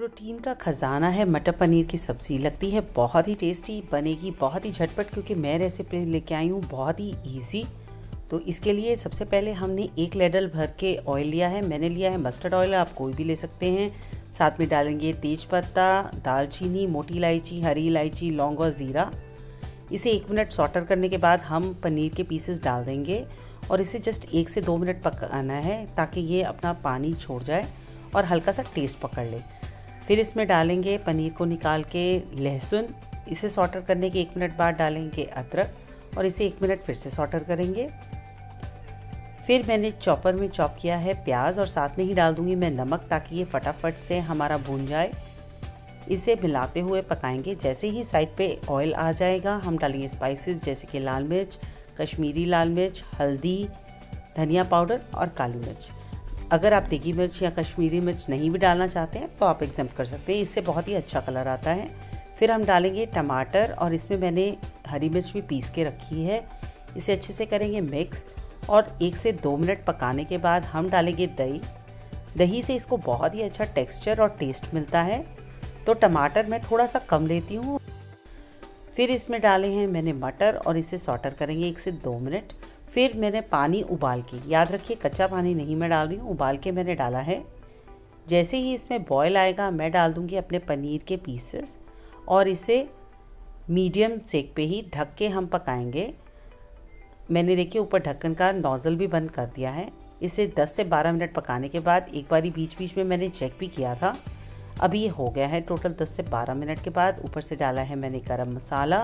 protein का ख़जाना है मटर पनीर की सब्ज़ी लगती है बहुत ही टेस्टी बनेगी बहुत ही झटपट क्योंकि मैं रेसिपी लेके आई हूँ बहुत ही ईजी तो इसके लिए सबसे पहले हमने एक लेडल भर के ऑयल लिया है मैंने लिया है मस्टर्ड ऑयल आप कोई भी ले सकते हैं साथ में डालेंगे तेज़पत्ता दालचीनी मोटी इलायची हरी इलायची लौंग और ज़ीरा इसे एक मिनट सॉटर करने के बाद हम पनीर के पीसेस डाल देंगे और इसे जस्ट एक से दो मिनट पकाना है ताकि ये अपना पानी छोड़ जाए और हल्का सा टेस्ट पकड़ ले फिर इसमें डालेंगे पनीर को निकाल के लहसुन इसे सॉटर करने के एक मिनट बाद डालेंगे अदरक और इसे एक मिनट फिर से सॉटर करेंगे फिर मैंने चॉपर में चॉप किया है प्याज और साथ में ही डाल दूंगी मैं नमक ताकि ये फटाफट से हमारा भून जाए इसे मिलाते हुए पकाएंगे जैसे ही साइड पे ऑयल आ जाएगा हम डालेंगे स्पाइसेस जैसे कि लाल मिर्च कश्मीरी लाल मिर्च हल्दी धनिया पाउडर और काली मिर्च अगर आप देगी मिर्च या कश्मीरी मिर्च नहीं भी डालना चाहते हैं तो आप एग्जाम कर सकते हैं इससे बहुत ही अच्छा कलर आता है फिर हम डालेंगे टमाटर और इसमें मैंने हरी मिर्च भी पीस के रखी है इसे अच्छे से करेंगे मिक्स और एक से दो मिनट पकाने के बाद हम डालेंगे दही दही से इसको बहुत ही अच्छा टेक्सचर और टेस्ट मिलता है तो टमाटर मैं थोड़ा सा कम लेती हूँ फिर इसमें डाले हैं मैंने मटर और इसे सॉटर करेंगे एक से दो मिनट फिर मैंने पानी उबाल के याद रखिए कच्चा पानी नहीं मैं डाल रही हूँ उबाल के मैंने डाला है जैसे ही इसमें बॉयल आएगा मैं डाल दूँगी अपने पनीर के पीसेस और इसे मीडियम सेक पे ही ढक के हम पकाएंगे मैंने देखिए ऊपर ढक्कन का नोज़ल भी बंद कर दिया है इसे 10 से 12 मिनट पकाने के बाद एक बारी बीच बीच में मैंने चेक भी किया था अब ये हो गया है टोटल 10 से 12 मिनट के बाद ऊपर से डाला है मैंने गरम मसाला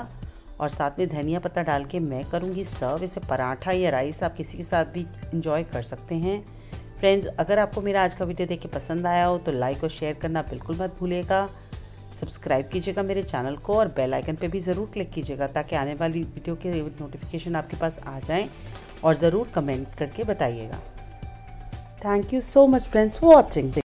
और साथ में धनिया पत्ता डाल के मैं करूँगी सर्व इसे पराठा या राइस आप किसी के साथ भी इंजॉय कर सकते हैं फ्रेंड्स अगर आपको मेरा आज का वीडियो देख के पसंद आया हो तो लाइक और शेयर करना बिल्कुल मत भूलिएगा सब्सक्राइब कीजिएगा मेरे चैनल को और बेल आइकन पे भी ज़रूर क्लिक कीजिएगा ताकि आने वाली वीडियो के नोटिफिकेशन आपके पास आ जाएं और ज़रूर कमेंट करके बताइएगा thank you so much friends for watching